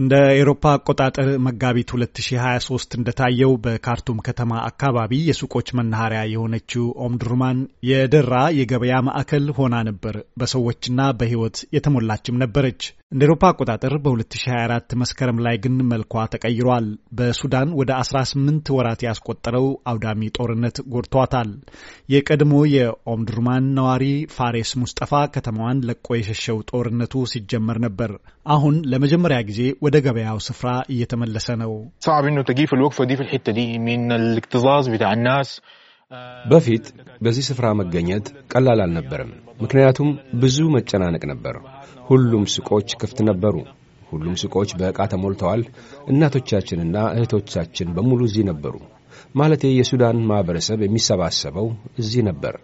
እንደ ኤሮፓ አቆጣጠር መጋቢት 2023 እንደታየው በካርቱም ከተማ አካባቢ የሱቆች መናኸሪያ የሆነችው ኦምድሩማን የደራ የገበያ ማዕከል ሆና ነበር። በሰዎችና በሕይወት የተሞላችም ነበረች። እንደ ኤሮፓ አቆጣጠር በ2024 መስከረም ላይ ግን መልኳ ተቀይሯል። በሱዳን ወደ 18 ወራት ያስቆጠረው አውዳሚ ጦርነት ጎድቷታል። የቀድሞ የኦምድሩማን ነዋሪ ፋሬስ ሙስጠፋ ከተማዋን ለቆ የሸሸው ጦርነቱ ሲጀመር ነበር። አሁን ለመጀመሪያ ጊዜ ወደ ገበያው ስፍራ እየተመለሰ ነው። በፊት በዚህ ስፍራ መገኘት ቀላል አልነበረም፣ ምክንያቱም ብዙ መጨናነቅ ነበር። ሁሉም ሱቆች ክፍት ነበሩ። ሁሉም ሱቆች በዕቃ ተሞልተዋል። እናቶቻችንና እህቶቻችን በሙሉ እዚህ ነበሩ። ማለቴ የሱዳን ማኅበረሰብ የሚሰባሰበው እዚህ ነበር።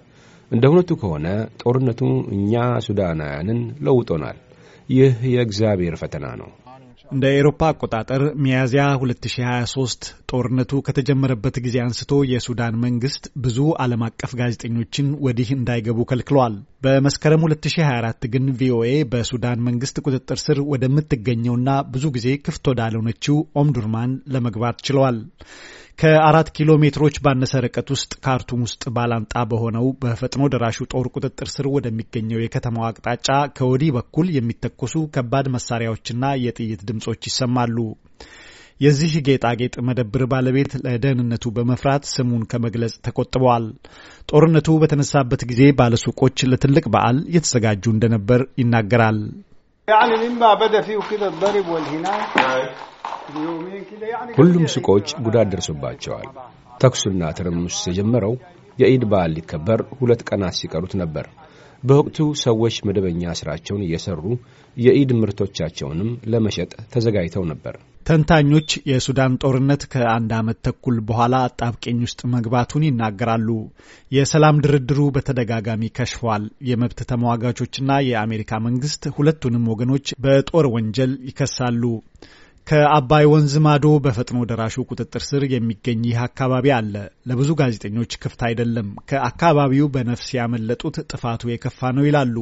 እንደ እውነቱ ከሆነ ጦርነቱ እኛ ሱዳናውያንን ለውጦናል። ይህ የእግዚአብሔር ፈተና ነው። እንደ ኤሮፓ አቆጣጠር ሚያዝያ 2023 ጦርነቱ ከተጀመረበት ጊዜ አንስቶ የሱዳን መንግስት ብዙ ዓለም አቀፍ ጋዜጠኞችን ወዲህ እንዳይገቡ ከልክሏል። በመስከረም 2024 ግን ቪኦኤ በሱዳን መንግስት ቁጥጥር ስር ወደምትገኘውና ብዙ ጊዜ ክፍት ወዳልሆነችው ኦምዱርማን ለመግባት ችለዋል። ከአራት ኪሎ ሜትሮች ባነሰ ርቀት ውስጥ ካርቱም ውስጥ ባላንጣ በሆነው በፈጥኖ ደራሹ ጦር ቁጥጥር ስር ወደሚገኘው የከተማው አቅጣጫ ከወዲህ በኩል የሚተኮሱ ከባድ መሳሪያዎችና የጥይት ድምጾች ይሰማሉ። የዚህ ጌጣጌጥ መደብር ባለቤት ለደህንነቱ በመፍራት ስሙን ከመግለጽ ተቆጥበዋል። ጦርነቱ በተነሳበት ጊዜ ባለሱቆች ለትልቅ በዓል እየተዘጋጁ እንደነበር ይናገራል። ሁሉም ሱቆች ጉዳት ደርሶባቸዋል። ተኩሱና ትርምስ የጀመረው የኢድ በዓል ሊከበር ሁለት ቀናት ሲቀሩት ነበር። በወቅቱ ሰዎች መደበኛ ሥራቸውን እየሠሩ የኢድ ምርቶቻቸውንም ለመሸጥ ተዘጋጅተው ነበር። ተንታኞች የሱዳን ጦርነት ከአንድ ዓመት ተኩል በኋላ አጣብቂኝ ውስጥ መግባቱን ይናገራሉ። የሰላም ድርድሩ በተደጋጋሚ ከሽፏል። የመብት ተሟጋቾችና የአሜሪካ መንግሥት ሁለቱንም ወገኖች በጦር ወንጀል ይከሳሉ። ከአባይ ወንዝ ማዶ በፈጥኖ ደራሹ ቁጥጥር ስር የሚገኝ ይህ አካባቢ አለ። ለብዙ ጋዜጠኞች ክፍት አይደለም። ከአካባቢው በነፍስ ያመለጡት ጥፋቱ የከፋ ነው ይላሉ።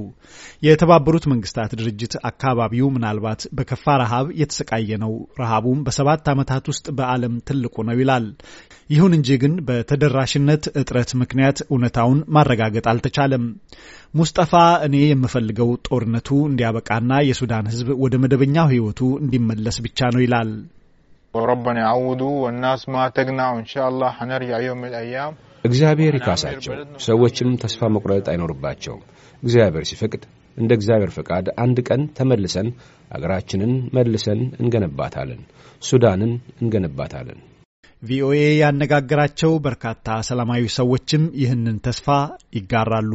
የተባበሩት መንግስታት ድርጅት አካባቢው ምናልባት በከፋ ረሃብ የተሰቃየ ነው፣ ረሃቡም በሰባት ዓመታት ውስጥ በዓለም ትልቁ ነው ይላል። ይሁን እንጂ ግን በተደራሽነት እጥረት ምክንያት እውነታውን ማረጋገጥ አልተቻለም። ሙስጠፋ እኔ የምፈልገው ጦርነቱ እንዲያበቃና የሱዳን ህዝብ ወደ መደበኛው ህይወቱ እንዲመለስ ብቻ ነው ነው ይላል። ረበና ያውዱ ወናስ ማ ተግናው እንሻላ ሐነርጃ የውም ልአያም እግዚአብሔር ይካሳቸው። ሰዎችም ተስፋ መቁረጥ አይኖርባቸውም። እግዚአብሔር ሲፈቅድ እንደ እግዚአብሔር ፈቃድ አንድ ቀን ተመልሰን አገራችንን መልሰን እንገነባታለን። ሱዳንን እንገነባታለን። ቪኦኤ ያነጋገራቸው በርካታ ሰላማዊ ሰዎችም ይህንን ተስፋ ይጋራሉ።